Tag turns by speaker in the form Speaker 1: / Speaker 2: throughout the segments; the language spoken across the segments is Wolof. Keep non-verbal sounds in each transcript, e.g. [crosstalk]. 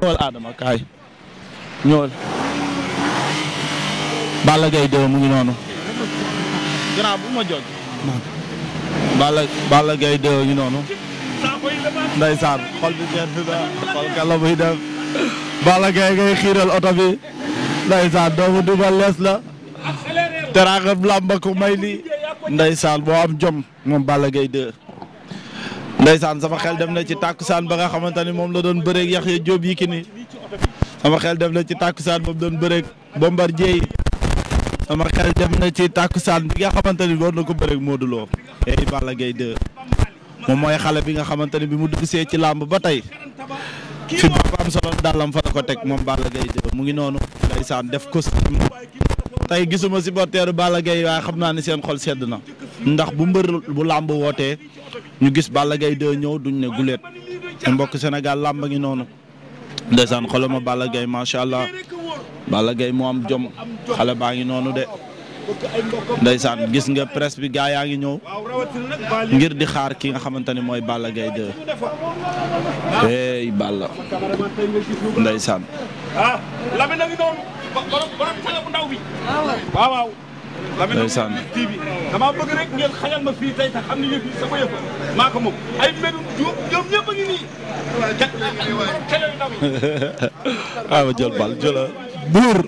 Speaker 1: ñëwal Adama kaay ñëwal. Balla Gaye 2 mu ngi noonu. gannaaw bu ma ngi noonu. ndeysaan xol bi gerte la xol kala muy def. Balla Gaye ngay xiiral oto bi. ndeysaan doomu duba lees la. teraanga làmba ku may li ndeysaan boo am jom moom Balla Gaye 2. ndeysaan sama xel dem na ci tàkkusaan ba nga xamante ni moom la doon bëreeg Yaxya Jóob ni sama xel dem na ci tàkkusaan ba mu doon bëreeg Bombardier yi sama xel dem na ci tàkkusaan bi nga xamante ni doon na ko bëreeg Modou Lo ey gay Gaye moom mooy xale bi nga xamante ni bi mu dugg see ci làmb ba tey fi babaam solo dàllam fa la ko teg moom Balla Gaye 2 mu ngi noonu ndeysaan def ko costume tey gisuma supporteru Balla gay waaye xam naa ne seen xol sedd na ndax bu mbër bu làmb wootee ñu gis Balla Gaye 2 ñëw duñ ne guleet te mbokk Sénégal làmb ngi noonu ndeysaan xoloma Balla Gaye macha allah Balla Gaye moo am jom xale baa ngi noonu de ndeysaan gis nga presse bi gaa yaa ngi ñëw ngir di xaar ki nga xamante ni mooy Balla gay 2 hey Balla ndeysaan. Ah, ndeysaan damaa bëgg rek ma fii tey te xam [laughs] ah, ma jël bal jëla ah. buur.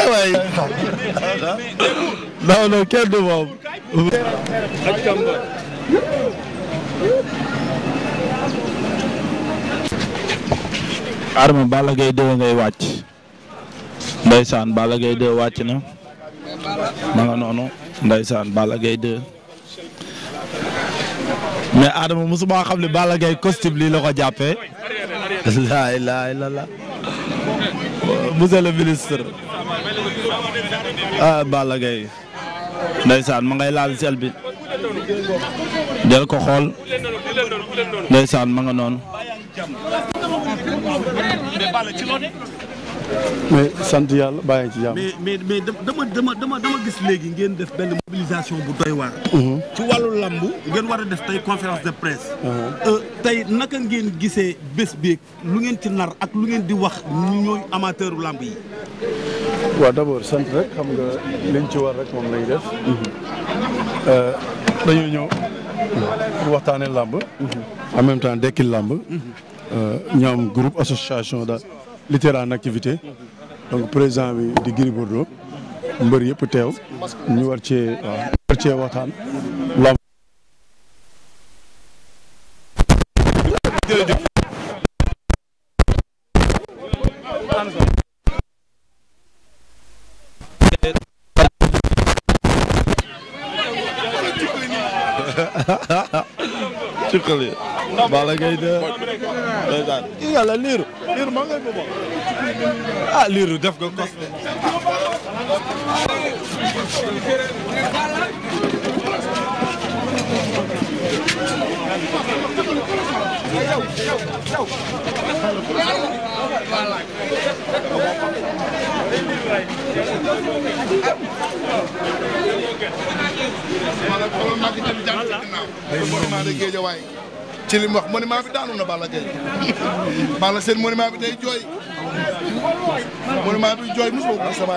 Speaker 1: Eh waay [laughs] non non moom. Arma Balla Gaye 2 ngay wàcc. ndeysaan Balla Gaye 2 wàcc na. ma nga noonu ndaysaan bala gay 2 mais Adama mosuma xam ne Balla Gaye costume lii la ko jàppee. laa ilaaha illallaah monsieur la ministre ah Balla Gaye ndaysaan ma ngay laal sel bi del ko xool ma nga noonu. mais sant yàlla bàyyi ci jàmm. mais mais mais dama dama gis léegi ngeen def benn mobilisation bu doy waar. Mhm. ci wàllu lamb ngeen war a def tey conférence de presse. Mhm. Euh, tey naka ngeen gisee bés beeg lu ngeen ci nar ak lu ngeen di wax ñooy amateuru lamb yi. waaw d'abord sant rek xam nga liñ ci war rek moom lañ def. Euh, dañoo ñëw pour waxtaanee lamb. Mhm. en même temps dekkil lamb. ñoom euh, groupe association da littéral en donc président bi di Gris Bordeaux mbër yëpp teew war cee waaw war ci xel yi Balla Gaye de yàlla liiru liir maa ngay booba ah liiru def nga kos Voilà. ci li mu wax monument bi daanu na Balla Gaye Balla seen monument bi day jooy monument bi jooy mosuma ko sama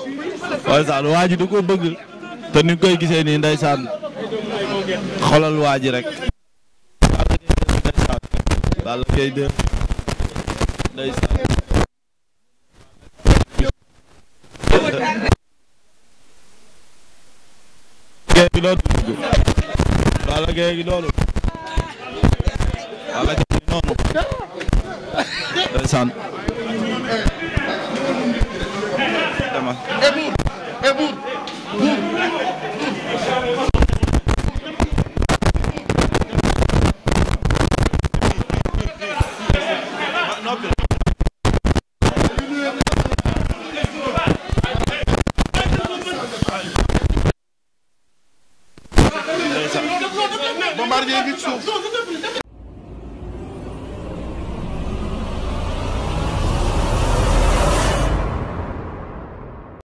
Speaker 1: ndeysaan waa ji du ko bëgg te ni koy gisee nii ndeysaan xolal waa ji rek Balla Gaye 2 ndeysaan Balla Gaye gi loolu Balla Gaye gi noonu et vous, vous. Bombardier ngi ci suuf